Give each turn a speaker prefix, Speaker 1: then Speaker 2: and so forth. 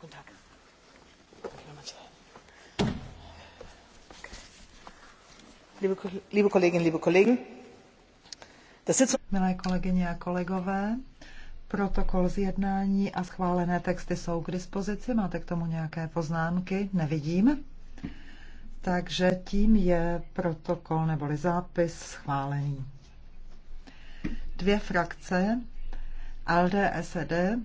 Speaker 1: Guten Tag. Liebe Kolleginnen, liebe Kollegen, Milé kolegyně a
Speaker 2: kolegové, protokol z jednání a schválené texty jsou k dispozici. Máte k tomu nějaké poznámky? Nevidím. Takže tím je protokol neboli zápis schválený. Dvě frakce,
Speaker 3: ALDE, SED,